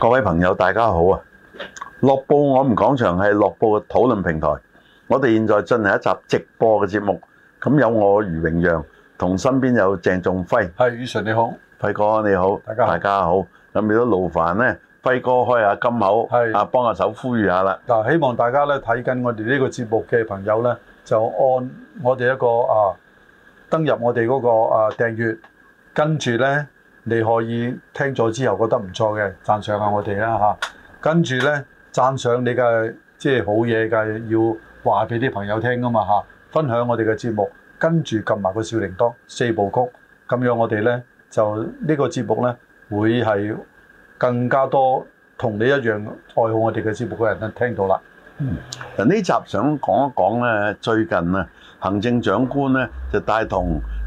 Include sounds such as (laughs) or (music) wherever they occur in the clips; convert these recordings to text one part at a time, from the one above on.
各位朋友，大家好啊！樂報我們講場係樂報嘅討論平台，我哋現在進行一集直播嘅節目。咁有我余榮讓同身邊有鄭仲輝，係余 Sir 你好，輝哥你好，大家大家好，咁冇勞煩咧？輝哥開下金口，係啊是，幫下手呼籲下啦。嗱，希望大家咧睇緊我哋呢個節目嘅朋友咧，就按我哋一個啊登入我哋嗰、那個啊訂閱，跟住咧。你可以聽咗之後覺得唔錯嘅，讚賞下、啊、我哋啦。跟住呢，讚賞你嘅即係好嘢嘅，要話俾啲朋友聽啊嘛。分享我哋嘅節目，跟住撳埋個小鈴鐺四部曲，咁樣我哋呢，就呢個節目呢，會係更加多同你一樣愛好我哋嘅節目嘅人咧聽到啦。嗯，呢集想講一講呢，最近啊，行政長官呢，就帶同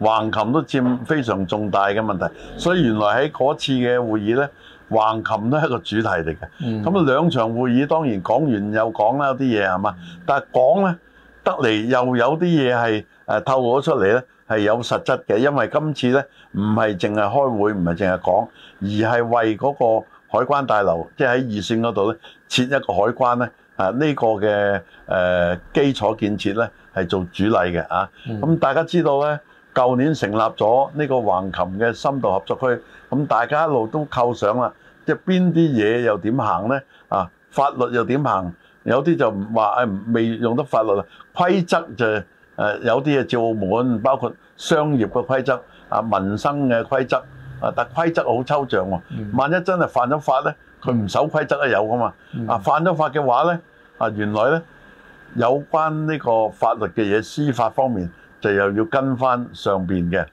橫琴都佔非常重大嘅問題，所以原來喺嗰次嘅會議呢，橫琴都係一個主題嚟嘅。咁兩場會議當然講完又講啦，啲嘢係嘛，但係講呢，得嚟又有啲嘢係誒透露咗出嚟呢，係有實質嘅，因為今次呢，唔係淨係開會，唔係淨係講，而係為嗰個海關大樓，即係喺二線嗰度呢，設一個海關呢。啊，呢個嘅誒基礎建設呢，係做主禮嘅啊。咁大家知道呢。舊年成立咗呢個橫琴嘅深度合作區，咁大家一路都扣上啦。即係邊啲嘢又點行咧？啊，法律又點行？有啲就話誒，未用得法律啦。規則就誒，有啲嘢照滿，包括商業嘅規則啊、民生嘅規則啊，但規則好抽象喎。萬一真係犯咗法咧，佢唔守規則咧有噶嘛？啊，犯咗法嘅話咧，啊原來咧有關呢個法律嘅嘢，司法方面。就又要跟翻上邊嘅，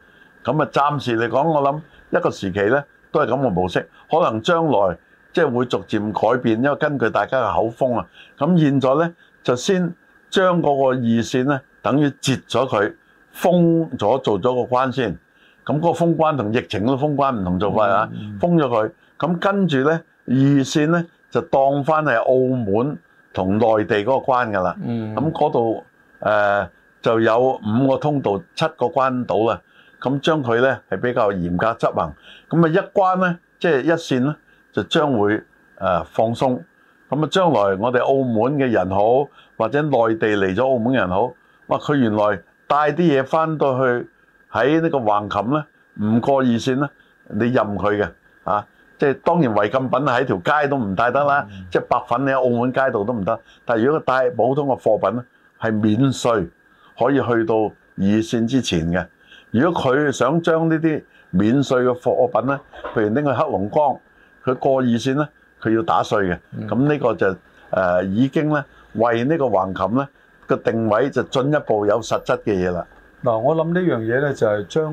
咁啊暫時嚟講，我諗一個時期咧都係咁嘅模式，可能將來即係會逐漸改變，因為根據大家嘅口風啊，咁現在咧就先將嗰個二線咧等於截咗佢封咗做咗個關先，咁嗰個封關同疫情嗰個封關唔同做法啊，封咗佢，咁跟住咧二線咧就當翻係澳門同內地嗰個關㗎啦，咁嗰度誒。就有五個通道、七個關島啦。咁將佢咧係比較嚴格執行。咁啊一關咧，即係一線咧，就將會誒放鬆。咁啊，將來我哋澳門嘅人好，或者內地嚟咗澳門人好，哇！佢原來帶啲嘢翻到去喺呢個橫琴咧，唔過二線咧，你任佢嘅啊。即係當然違禁品喺條街都帶唔得啦，即係白粉你喺澳門街道都唔得。但係如果帶普通嘅貨品咧，係免稅。可以去到二線之前嘅。如果佢想將呢啲免稅嘅貨物品呢，譬如拎去黑龍江，佢過二線呢，佢要打稅嘅。咁呢、嗯、個就誒已經呢，為呢個橫琴呢個定位就進一步有實質嘅嘢啦。嗱、嗯，我諗呢樣嘢呢，就係將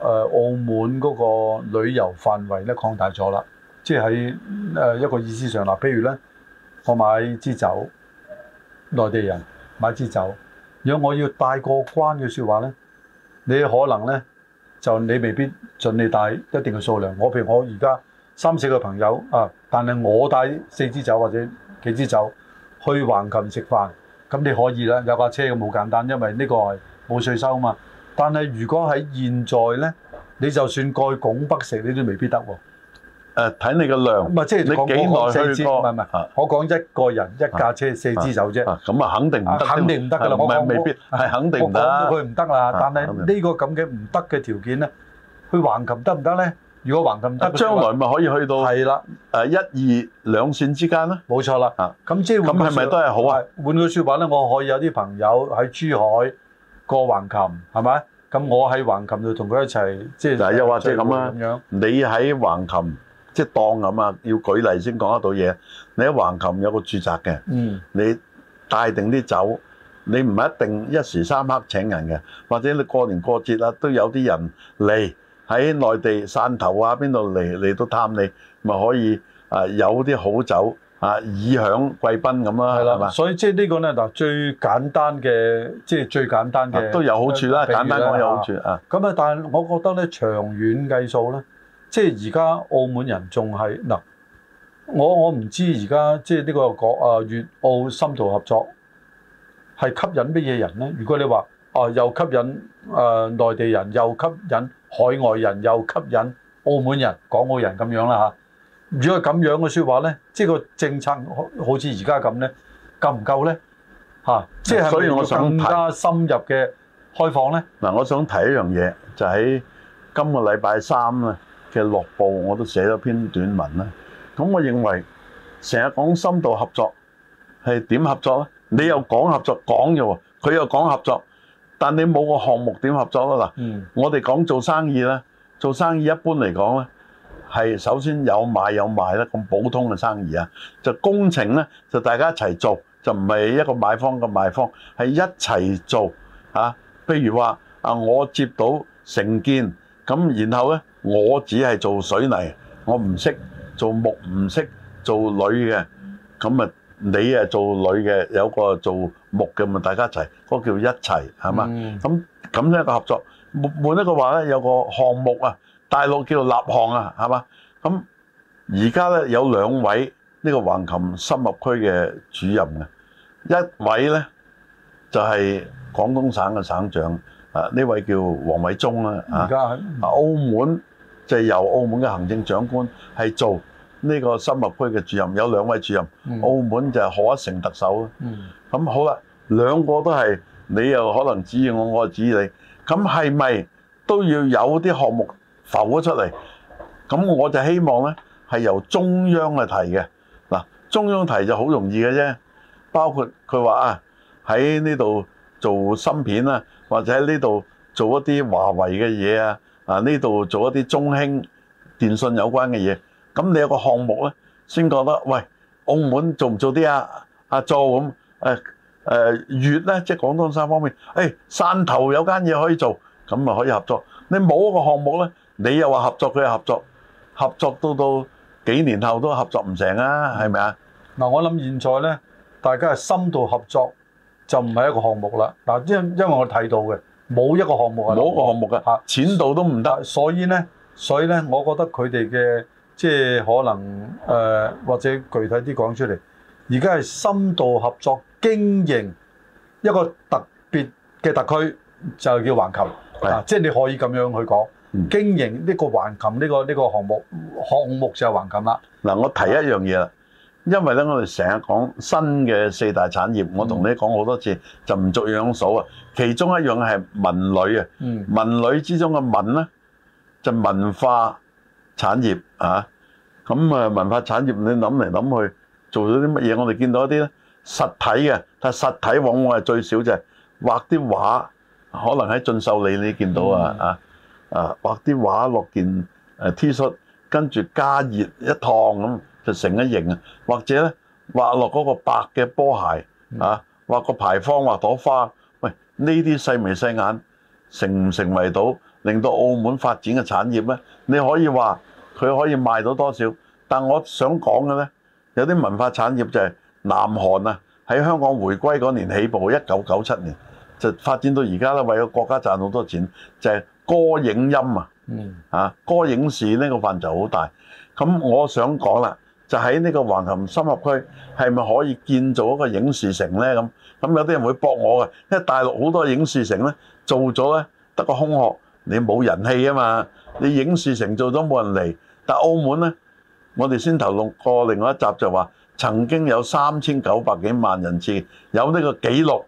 澳門嗰個旅遊範圍呢擴大咗啦。即係喺一個意思上嗱，譬如呢：我買支酒，內地人買支酒。如果我要帶過關嘅說話呢，你可能呢，就你未必准你帶一定嘅數量。我譬如我而家三四個朋友啊，但係我帶四支酒或者幾支酒去橫琴食飯，咁你可以啦，有架車咁好簡單，因為呢個係冇稅收嘛。但係如果喺現在呢，你就算過拱北食，你都未必得喎、啊。誒睇你個量，唔係即係你幾耐去過？唔係唔係，我講一個人一架車四支手啫。咁啊，肯定唔得，肯定唔得㗎啦。唔未必係肯定唔得。我去唔得啦，但係呢個咁嘅唔得嘅條件咧，去橫琴得唔得咧？如果橫琴得，將來咪可以去到係啦，誒一二兩線之間啦。冇錯啦。咁即係咁係咪都係好啊？換句説話咧，我可以有啲朋友喺珠海過橫琴，係咪？咁我喺橫琴就同佢一齊，即係又或者咁啊？你喺橫琴。即係當咁啊，要舉例先講得到嘢。你喺橫琴有個住宅嘅，嗯、你帶定啲酒，你唔一定一時三刻請人嘅，或者你過年過節啦、啊，都有啲人嚟喺內地、汕頭啊邊度嚟嚟到探你，咪可以啊有啲好酒啊以享貴賓咁啦，係啦，係嘛？所以即係呢個咧就最簡單嘅，即係最簡單嘅都有好處啦。簡單講有好處啊。咁啊，但係我覺得咧長遠計數咧。即係而家澳門人仲係嗱，我我唔知而家即係呢個國啊粵澳深度合作係吸引乜嘢人咧？如果你話啊又吸引誒內、呃、地人，又吸引海外人，又吸引澳門人、港澳人咁樣啦嚇、啊。如果係咁樣嘅説話咧，即係個政策好似而家咁咧，夠唔夠咧？嚇、啊，即係更加深入嘅開放咧？嗱，我想提一樣嘢，就喺、是、今個禮拜三啊。嘅落步我都寫咗篇短文啦。咁我認為成日講深度合作係點合作咧？你又講合作講嘅喎，佢又講合作，但你冇個項目點合作啊？嗱、嗯，我哋講做生意咧，做生意一般嚟講咧，係首先有買有賣咧，咁普通嘅生意啊，就工程咧就大家一齊做，就唔係一個買方一個賣方，係一齊做啊。譬如話啊，我接到承建咁，然後咧。我只係做水泥，我唔識做木，唔識做鋁嘅，咁啊你啊做鋁嘅，有個做木嘅，咪大家一齊，嗰叫一齊係嘛？咁咁樣一個合作，每每一個話咧，有個項目啊，大陸叫做立項啊，係嘛？咁而家咧有兩位呢個橫琴深合區嘅主任嘅，一位咧就係廣東省嘅省長啊，呢位叫王偉中啦，啊，而家喺澳門。就由澳門嘅行政長官係做呢個深合區嘅主任，有兩位主任。澳門就係賀一誠特首啊。咁好啦，兩個都係你又可能指我，我指你。咁係咪都要有啲項目浮咗出嚟？咁我就希望咧係由中央去提嘅。嗱，中央提就好容易嘅啫，包括佢話啊喺呢度做芯片啊，或者喺呢度做一啲華為嘅嘢啊。嗱，呢度做一啲中興電信有關嘅嘢，咁你有個項目咧，先覺得喂，澳門做唔做啲啊啊做咁，誒誒粵咧，即係廣東省方面，誒汕頭有間嘢可以做，咁啊可以合作。你冇一個項目咧，你又話合作，佢又合作，合作到到幾年後都合作唔成啊，係咪啊？嗱，我諗現在咧，大家係深度合作就唔係一個項目啦。嗱，因因為我睇到嘅。冇一個項目啊！冇一個項目嘅嚇，錢是度都唔得，所以咧，所以咧，我覺得佢哋嘅即係可能誒、呃，或者具體啲講出嚟，而家係深度合作經營一個特別嘅特區，就叫橫琴啊！即係是、就是、你可以咁樣去講經營呢個橫琴呢、這個呢、呢個項目，項目就係橫琴啦。嗱、嗯，我提一樣嘢啦。是因為咧，我哋成日講新嘅四大產業，我同你講好多次、嗯、就唔做樣數啊。其中一樣係文旅啊，文旅之中嘅文咧就文化產業啊。咁啊，文化產業你諗嚟諗去做咗啲乜嘢？我哋見到一啲咧實體嘅，但係實體往往係最少就係、是、畫啲畫，可能喺進秀裏你見到啊啊啊，畫啲畫落件 T 恤，shirt, 跟住加熱一燙咁。就成一型，啊！或者咧畫落嗰個白嘅波鞋啊，畫個牌坊，畫朵花。喂，呢啲細眉細眼成唔成為到令到澳門發展嘅產業咧？你可以話佢可以賣到多少？但我想講嘅咧，有啲文化產業就係南韓啊，喺香港回歸嗰年起步，一九九七年就發展到而家啦，為咗國家賺好多錢，就係、是、歌影音啊，嗯啊，歌影視呢個範疇好大。咁我想講啦。就喺呢個橫琴深合區，係咪可以建造一個影視城呢？咁咁有啲人會駁我嘅，因為大陸好多影視城呢，做咗呢得個空殼，你冇人氣啊嘛。你影視城做咗冇人嚟，但澳門呢，我哋先頭錄過另外一集就話曾經有三千九百幾萬人次有呢個紀錄，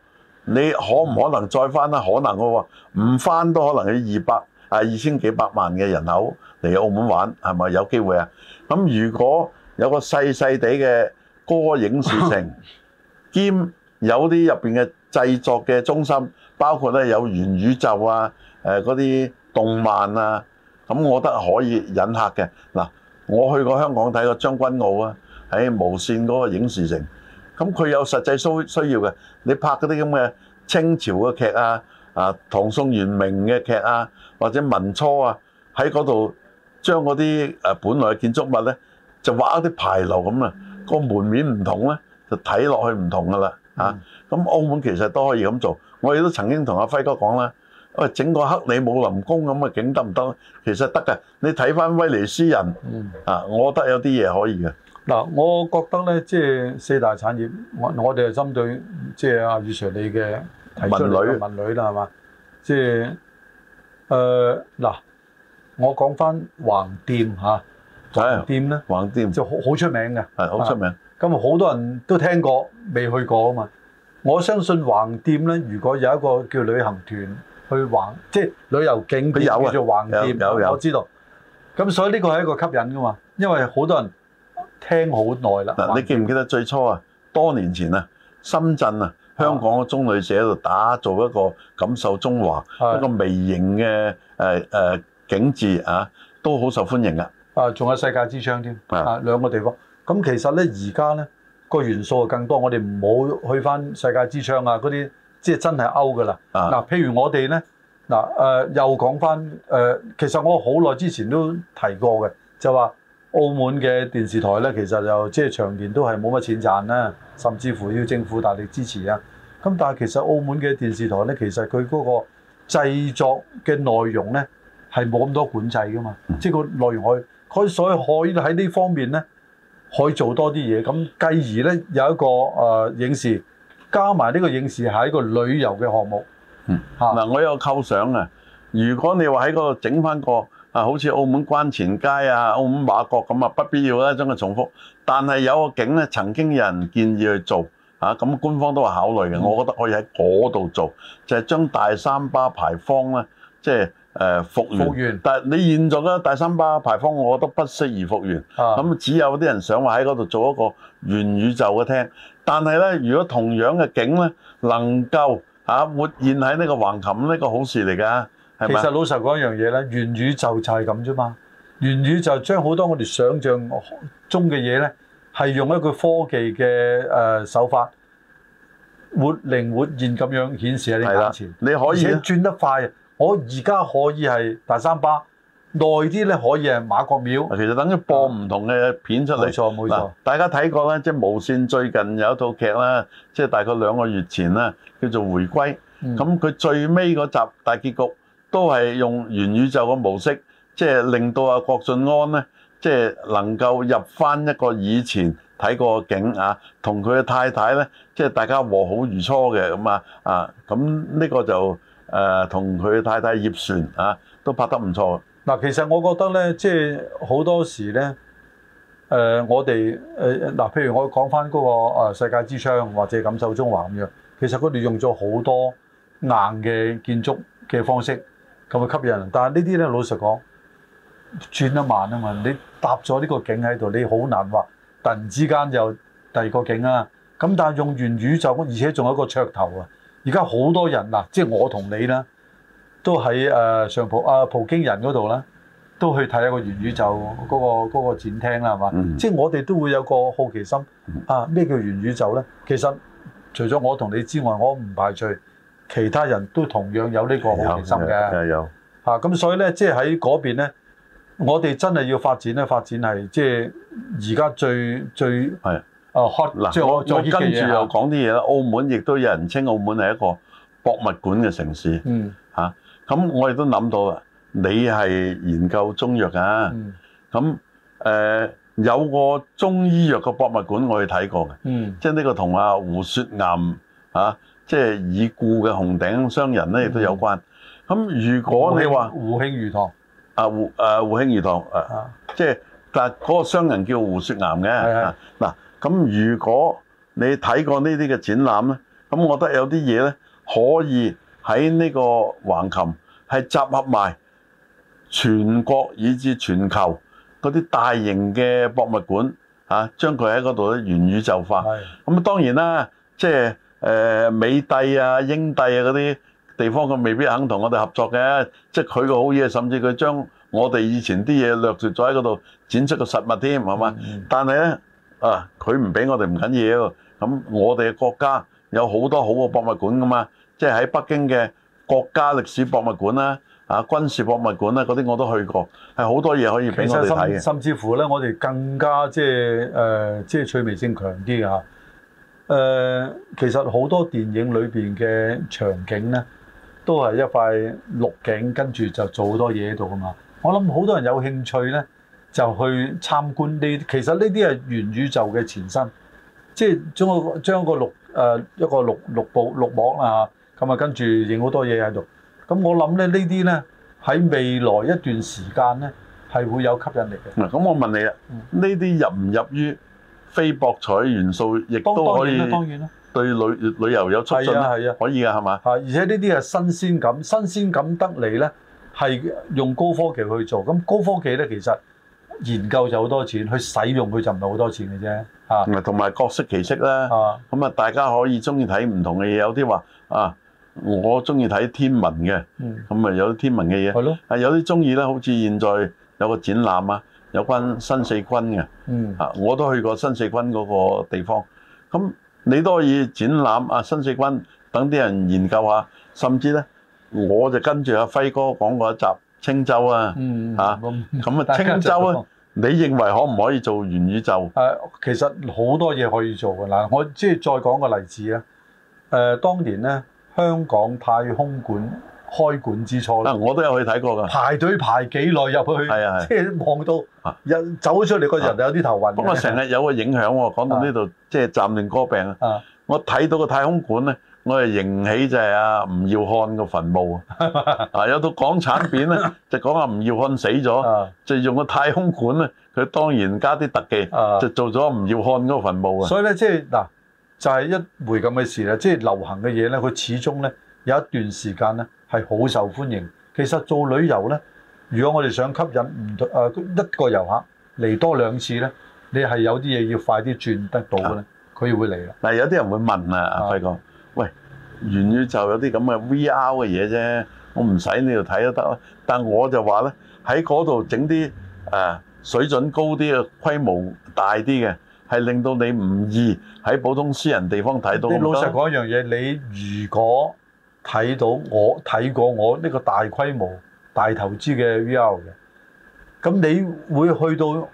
你可唔可能再翻咧？可能嘅話唔翻都可能要二百啊二千幾百萬嘅人口嚟澳門玩係咪有機會啊？咁如果有個細細地嘅歌影視城，兼有啲入邊嘅製作嘅中心，包括咧有元宇宙啊、誒嗰啲動漫啊。咁我覺得可以引客嘅嗱，我去過香港睇過將軍澳啊，喺無線嗰個影視城，咁佢有實際需需要嘅。你拍嗰啲咁嘅清朝嘅劇啊、啊唐宋元明嘅劇啊，或者文初啊，喺嗰度將嗰啲誒本來嘅建築物咧，就畫一啲牌樓咁、嗯、啊，個門面唔同咧，就睇落去唔同噶啦吓。咁澳門其實都可以咁做，我亦都曾經同阿輝哥講啦。喂、哎，整個克里姆林宮咁嘅景得唔得？其實得㗎。你睇翻威尼斯人啊，我覺得有啲嘢可以嘅。嗱、嗯，我覺得咧，即、就、係、是、四大產業，我我哋係針對即係、就是、阿余 Sir 你嘅提出文旅啦，係嘛女？即係誒嗱，我講翻橫店、啊橫店咧，橫店，橫店就好好出名嘅，係好出名。咁好多人都聽過，未去過啊嘛。我相信橫店咧，如果有一個叫旅行團去橫，即係旅遊景點叫做橫店，有有有，我知道。咁所以呢個係一個吸引㗎嘛，因為好多人聽好耐啦。嗱那，店你記唔記得最初啊，多年前啊，深圳啊、香港嘅中旅社喺度打造一個感受中華的一個微型嘅、呃呃、景緻啊，都好受歡迎噶。啊，仲有世界之窗添，啊的兩個地方。咁其實呢，而家呢個元素更多。我哋唔好去返世界之窗啊，嗰啲即係真係歐噶啦。嗱的、啊，譬如我哋呢，嗱、啊呃、又講返誒，其實我好耐之前都提過嘅，就話澳門嘅電視台呢，其實就即係長年都係冇乜錢賺啦，甚至乎要政府大力支持啊。咁但係其實澳門嘅電視台呢，其實佢嗰個製作嘅內容呢，係冇咁多管制㗎嘛，嗯、即係個內容去。佢所以可以喺呢方面咧，可以做多啲嘢。咁繼而咧有一個誒影視，加埋呢個影視係一個旅遊嘅項目。嗯，嚇嗱，我有個構想啊。如果你話喺嗰度整翻個啊，好似澳門關前街啊、澳門媽閣咁啊，不必要啦，將佢重複。但係有個景咧，曾經有人建議去做嚇，咁官方都話考慮嘅。我覺得可以喺嗰度做，就係將大三巴牌坊咧，即係。誒復原，復原但係你現在嘅大三巴牌坊，我覺得不適宜復原。咁、啊、只有啲人想話喺嗰度做一個元宇宙嘅廳。但係咧，如果同樣嘅景咧，能夠嚇、啊、活現喺呢個橫琴，呢、呢個好事嚟㗎。係咪？其實老實講一樣嘢咧，元宇宙就係咁啫嘛。元宇宙將好多我哋想象中嘅嘢咧，係用一個科技嘅誒手法活靈活現咁樣顯示喺眼的前。你可以，而且轉得快。我而家可以係大三巴，耐啲咧可以係媽閣廟。其實等於播唔同嘅片出嚟。冇錯冇錯，大家睇過啦，即係無線最近有一套劇啦，即係大概兩個月前啦，叫做《回歸》。咁佢、嗯、最尾嗰集大結局都係用元宇宙嘅模式，即係令到阿郭晉安咧，即係能夠入翻一個以前睇過嘅景啊，同佢嘅太太咧，即係大家和好如初嘅咁啊啊！咁呢個就～誒同佢太太葉璇啊，都拍得唔錯。嗱，其實我覺得咧，即係好多時咧，誒、呃、我哋誒嗱，譬如我講翻嗰個世界之窗或者錦繡中華咁樣，其實佢哋用咗好多硬嘅建築嘅方式咁去吸引人。但係呢啲咧老實講，轉得慢啊嘛。你搭咗呢個景喺度，你好難話突然之間有第二個景啊。咁但係用完宇宙，而且仲有一個噱頭啊！而家好多人嗱，即係我同你啦，都喺誒上葡京啊葡京人嗰度啦，都去睇一個元宇宙嗰、嗰個嗰個展廳啦，係嘛？嗯、即係我哋都會有一個好奇心啊！咩叫元宇宙咧？其實除咗我同你之外，我唔排除其他人都同樣有呢個好奇心嘅。有有嚇咁，啊、那所以咧，即係喺嗰邊咧，我哋真係要發展咧，發展係即係而家最最。最哦，hot！嗱，我再跟住又講啲嘢啦。澳門亦都有人稱澳門係一個博物館嘅城市。嗯。嚇，咁我亦都諗到啦。你係研究中藥㗎。咁誒有個中醫藥嘅博物館，我哋睇過嘅。嗯。即係呢個同阿胡雪岩嚇，即係已故嘅紅頂商人咧，亦都有關。咁如果你話胡慶餘堂啊，胡誒胡慶餘堂啊，即係但係嗰個商人叫胡雪岩嘅。係嗱咁如果你睇過呢啲嘅展覽咧，咁我覺得有啲嘢咧可以喺呢個橫琴係集合埋全國以至全球嗰啲大型嘅博物館啊，將佢喺嗰度咧元宇宙化。咁是的 當然啦，即係誒美帝啊、英帝啊嗰啲地方，佢未必肯同我哋合作嘅。即係佢個好嘢，甚至佢將我哋以前啲嘢掠奪咗喺嗰度展出個實物添，係嘛？嗯，嗯但係咧。啊！佢唔俾我哋唔緊要，咁我哋嘅國家有好多好嘅博物館噶嘛，即係喺北京嘅國家歷史博物館啦，啊軍事博物館啦嗰啲我都去過，係好多嘢可以俾我哋睇嘅。甚，甚至乎咧，我哋更加即係誒，即係趣味性強啲啊！誒、呃，其實好多電影裏邊嘅場景咧，都係一塊綠景，跟住就做好多嘢喺度噶嘛。我諗好多人有興趣咧。就去參觀呢啲，其實呢啲係元宇宙嘅前身，即係將個將個綠誒一個綠綠布綠幕啦嚇，咁啊跟住影好多嘢喺度。咁我諗咧呢啲咧喺未來一段時間咧係會有吸引力嘅。嗱，咁我問你啦，呢啲入唔入於非博彩元素，亦都可以。當然啦，當然啦。對旅旅遊有促進啦，可以㗎係嘛？係，而且呢啲係新鮮感，新鮮感得嚟咧係用高科技去做。咁高科技咧其實。研究就好多錢，去使用佢就唔係好多錢嘅啫。同埋各式其式啦。咁啊，式式啊大家可以中意睇唔同嘅嘢，有啲話啊，我中意睇天文嘅。嗯，咁啊，有啲天文嘅嘢。係咯。啊，有啲中意咧，好似現在有個展覽啊，有關新四軍嘅。嗯。我都去過新四軍嗰個地方。咁你都可以展覽啊，新四軍等啲人研究下，甚至咧，我就跟住阿輝哥講過一集。青州啊，嚇咁啊！青、嗯嗯嗯啊、州啊，你認為可唔可以做元宇宙？誒、啊，其實好多嘢可以做嘅嗱、啊，我即係再講個例子啊。誒、啊，當年咧，香港太空館開館之初咧、啊，我都有去睇過㗎。排隊排幾耐入去？係啊，即係望到，又走出嚟，個人有啲頭暈。不過成日有個影響喎、啊，講到呢度、啊、即係暫定哥病啊！啊，我睇到個太空館咧，我哋迎起就係阿、啊、吳耀漢個墳墓 (laughs) 啊！啊，有套港產片咧，就講阿吳耀漢死咗，就用個太空館，咧，佢當然加啲特技，就做咗吳耀漢嗰個墳墓啊！所以咧，即係嗱，就係一回咁嘅事啦。即係流行嘅嘢咧，佢始終咧有一段時間咧係好受歡迎。其實做旅遊咧，如果我哋想吸引唔、呃、一個遊客嚟多兩次咧，你係有啲嘢要快啲轉得到嘅咧，佢、啊、會嚟啦。嗱、啊，但有啲人會問啊，阿輝哥。啊啊喂，元宇宙有啲咁嘅 VR 嘅嘢啫，我唔使你度睇都得啦。但我就話咧，喺嗰度整啲誒水準高啲嘅、規模大啲嘅，係令到你唔易喺普通私人地方睇到咁。你老實講一樣嘢，你如果睇到我睇過我呢個大規模大投資嘅 VR 嘅，咁你會去到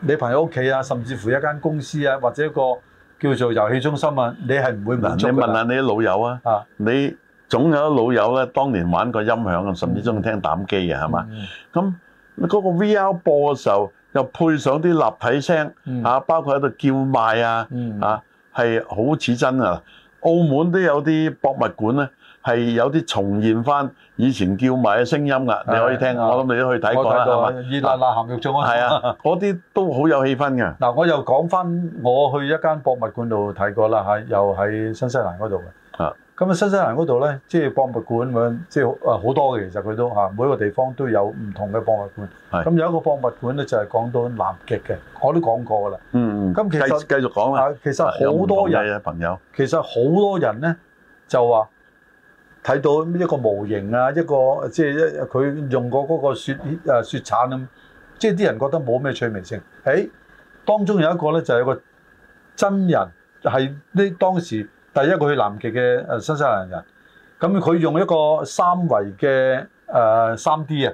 你朋友屋企啊，甚至乎一間公司啊，或者一個。叫做遊戲中心啊！你係唔會唔你問下你啲老友啊，你總有啲老友咧，當年玩過音響啊，甚至中意聽膽機嘅係嘛？咁嗰、嗯、個 VR 播嘅時候，又配上啲立體聲啊，包括喺度叫賣啊，啊係好似真啊！澳門都有啲博物館咧。係有啲重現翻以前叫埋嘅聲音噶，你可以聽下。係。我諗你都去睇過啦。我睇過。熱辣辣鹹肉粽嗰啲，係啊，嗰啲都好有氣氛嘅。嗱，我又講翻我去一間博物館度睇過啦嚇，又喺新西蘭嗰度嘅。啊。係。咁啊，新西蘭嗰度咧，即係博物館咁樣，即係啊好多嘅。其實佢都嚇每個地方都有唔同嘅博物館。係。咁有一個博物館咧，就係講到南極嘅，我都講過啦。嗯嗯。咁其實繼續講啦。係啊，有冇朋友？其實好多人咧就話。睇到一個模型啊，一個即係一佢用過嗰個雪誒、啊、雪鏟咁、啊，即係啲人覺得冇咩趣味性。誒、欸，當中有一個咧就係、是、一個真人，係呢當時第一個去南極嘅誒新西蘭人，人。咁佢用一個三維嘅誒三 D 啊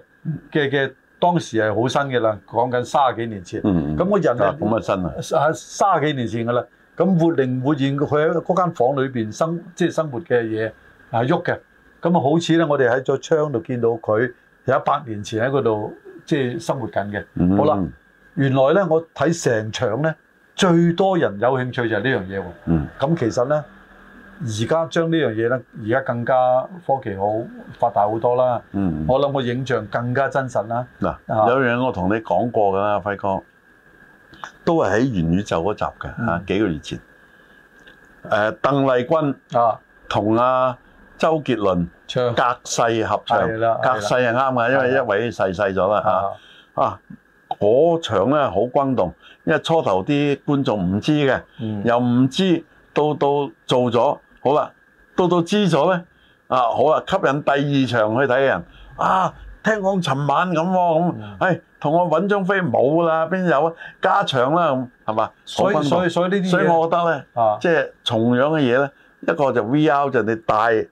嘅嘅，嗯、當時係好新嘅啦，講緊三十幾年前。咁、嗯、個人咧，咁啊新啊，係三十幾年前噶啦。咁活靈活現佢喺嗰間房裏邊生即係生活嘅嘢。啊喐嘅，咁啊好似咧，我哋喺咗窗度見到佢有一百年前喺嗰度即係生活緊嘅。嗯、好啦，原來咧我睇成場咧最多人有興趣就係呢樣嘢喎。咁、嗯、其實咧而家將呢樣嘢咧而家更加科技好發達好多啦。嗯、我諗我影像更加真實啦。嗱、嗯，啊、有樣我同你講過㗎啦，輝哥，都係喺元宇宙嗰集嘅嚇、啊、幾個月前。誒、嗯，啊、鄧麗君啊啊，同阿。周杰倫唱隔世合唱，的隔世係啱嘅，的因為一位逝世咗啦啊，嗰、啊、場咧好轟動，因為初頭啲觀眾唔知嘅，嗯、又唔知到到做咗好啦，到到知咗咧啊好啦，吸引第二場去睇嘅人啊，聽講尋晚咁喎咁，係同的、哎、我揾張飛冇啦，邊有啊加場啦咁係嘛？所以所以所以呢啲嘢所以我覺得咧，啊、即係重樣嘅嘢咧，一個就 V R 就你戴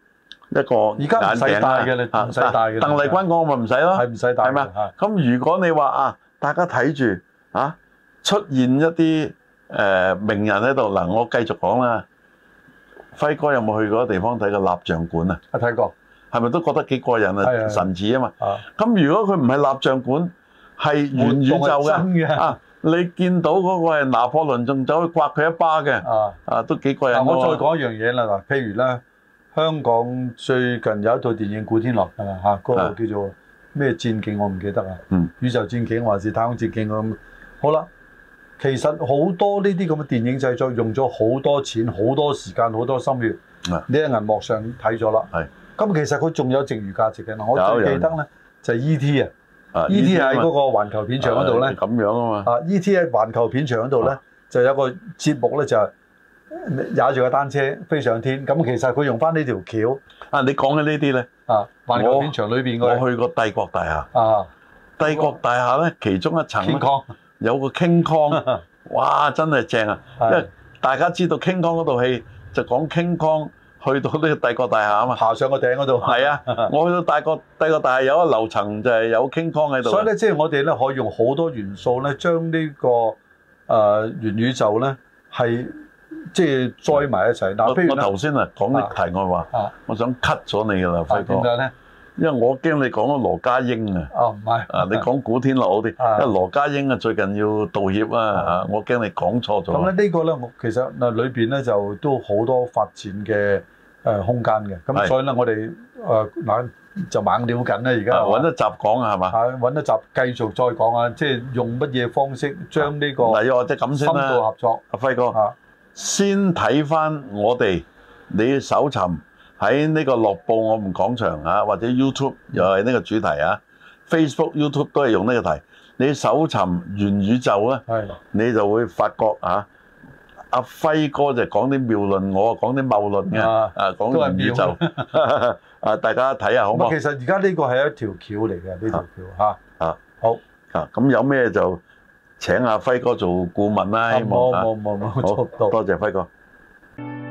一個而家唔使戴嘅，唔使戴嘅。鄧麗君講：我咪唔使咯。係唔使戴？係嘛？咁如果你話啊，大家睇住啊，出現一啲誒名人喺度嗱，我繼續講啦。輝哥有冇去過地方睇過蠟像館啊？啊，睇過，係咪都覺得幾過癮啊？神似啊嘛。咁如果佢唔係蠟像館，係遠遠就嘅啊，你見到嗰個係拿破崙仲走去刮佢一巴嘅啊啊，都幾過癮。我再講一樣嘢啦，嗱，譬如啦。香港最近有一套電影，古天樂係咪嚇，嗰、那個叫做咩戰警我唔記得啦。的嗯、宇宙戰警還是太空戰警咁、啊。好啦，其實好多呢啲咁嘅電影製作用咗好多錢、好多時間、好多心血。是的 你喺銀幕上睇咗啦。係。咁其實佢仲有剩餘價值嘅。我最記得咧就係、是、E.T. 啊的。E.T. 喺嗰個環球片場嗰度咧。咁、就是、樣啊嘛啊。啊，E.T. 喺環球片場嗰度咧就有個節目咧就係、是。踩住個單車飛上天，咁其實佢用翻呢條橋啊！你講嘅呢啲咧啊，環球影城裏邊我，我去過帝國大廈啊，帝國大廈咧、啊、其中一層 Kong 有個 King Kong， (laughs) 哇，真係正啊！是因為大家知道 King Kong 嗰套戲就講 King Kong 去到呢個帝國大廈啊嘛，爬上個頂嗰度係啊， (laughs) 我去到帝國帝國大廈有一個樓層就係有 King Kong 喺度，所以咧即係我哋咧可以用好多元素咧，將呢、這個誒、呃、元宇宙咧係。即係栽埋一齊。但我頭先啊講啲題外話，我想 cut 咗你㗎啦，輝哥。點解咧？因為我驚你講咗羅家英啊。哦，唔係。啊，你講古天樂好啲。因為羅家英啊，最近要道歉啊。我驚你講錯咗。咁咧呢個咧，我其實嗱裏邊咧就都好多發展嘅誒空間嘅。咁所以咧，我哋誒猛就猛了緊咧。而家揾得集講啊，係嘛？啊，揾得集，繼續再講啊。即係用乜嘢方式將呢個深度合作？阿輝哥。先睇翻我哋，你搜尋喺呢個樂報我們講場啊，或者 YouTube 又係呢個主題啊，Facebook、YouTube 都係用呢個題。你搜尋元宇宙咧，的你就會發覺啊，阿輝哥就講啲妙論，我講啲謬論嘅的啊，講元宇宙啊， (laughs) 大家睇下好唔好？其實而家呢個係一條橋嚟嘅，呢條橋嚇啊，好啊，咁有咩就？請阿輝哥做顧問啦，希望冇冇冇，好，冇多謝輝哥。